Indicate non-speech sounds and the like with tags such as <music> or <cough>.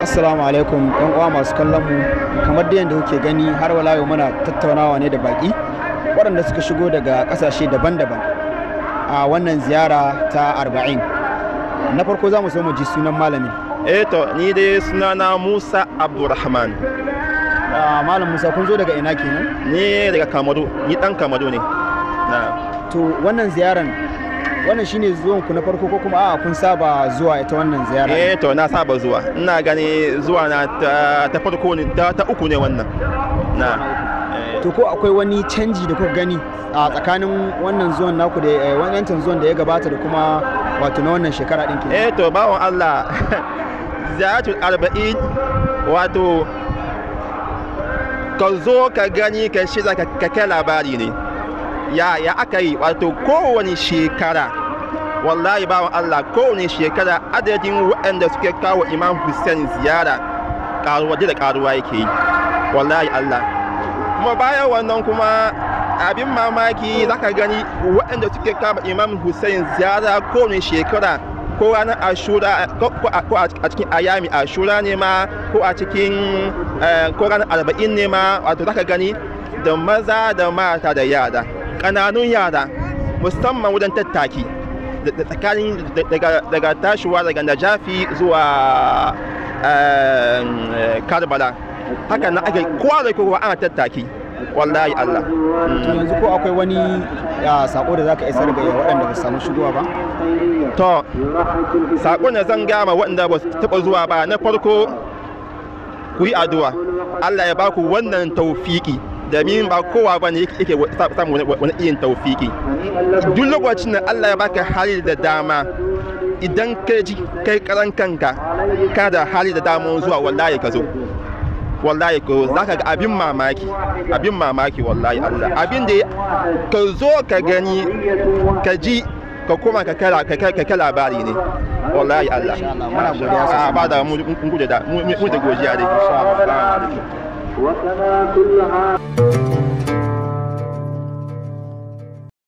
Assalamu alaikum yan uwa masu kallon mu kamar da yadda kuke gani har wala yau muna tattaunawa ne da baki waɗanda suka shigo daga ƙasashe daban-daban a wannan ziyara ta arba'in na farko za mu so mu ji sunan malamin eto eh ni dai sunana musa abdulrahman ah, malam musa kun zo daga ina kenan ni daga kamaru ni dan kamaru ne to wannan ziyaran wannan shine zuwan ku na farko ko kuma a kun saba zuwa ita wannan ziyara eh to na saba zuwa ina gani zuwa na ta farko ne ta uku ne wannan na eh. to ko akwai wani canji da kuka gani a tsakanin wannan zuwan naku da eh, wannan zuwan da ya gabata da kuma wato na wannan shekara din ke eh to bawon Allah <laughs> ziyaratul arba'in wato ka zo ka gani ka shi ka kai labari ne ya ya aka yi wato kowane shekara wallahi bawan Allah kowane shekara adadin waɗanda suke kawo imam Hussein ziyara karuwa da karuwa yake yi wallahi Allah kuma bayan wannan kuma abin mamaki zaka gani waɗanda suke kawo imam Hussein ziyara kowane shekara ko ranar ashura ko a cikin ayami ashura ne ma ko a cikin eh, ko ranar arba'in ne ma wato zaka gani da maza da mata da yada. ƙananun yara musamman wajen tattaki da tsakanin daga tashiwa daga najafi zuwa eh, karbala haka na ake kowa da kowa ana tattaki wallahi Allah. To yanzu ko akwai wani ah, sako da zaka isar ga waɗanda ba su samu shigowa ba? To sako na zan gama waɗanda ba su taɓa zuwa ba na farko ku yi addu'a. Allah ya baku wannan taufiki. domin ba kowa ba ne yake samun wani iya taufiki duk lokacin da Allah ya baka hali da dama idan kai ji kai karan kanka kana da hali da dama zuwa wallahi ka zo wallahi ka za ka ga abin mamaki abin mamaki wallahi Allah abin da ka zo ka gani ka ji ka koma ka kala ka kai labari ne wallahi Allah muna godiya ah, sai ba da mu mu da mu da godiya da insha Allah وكما كل عام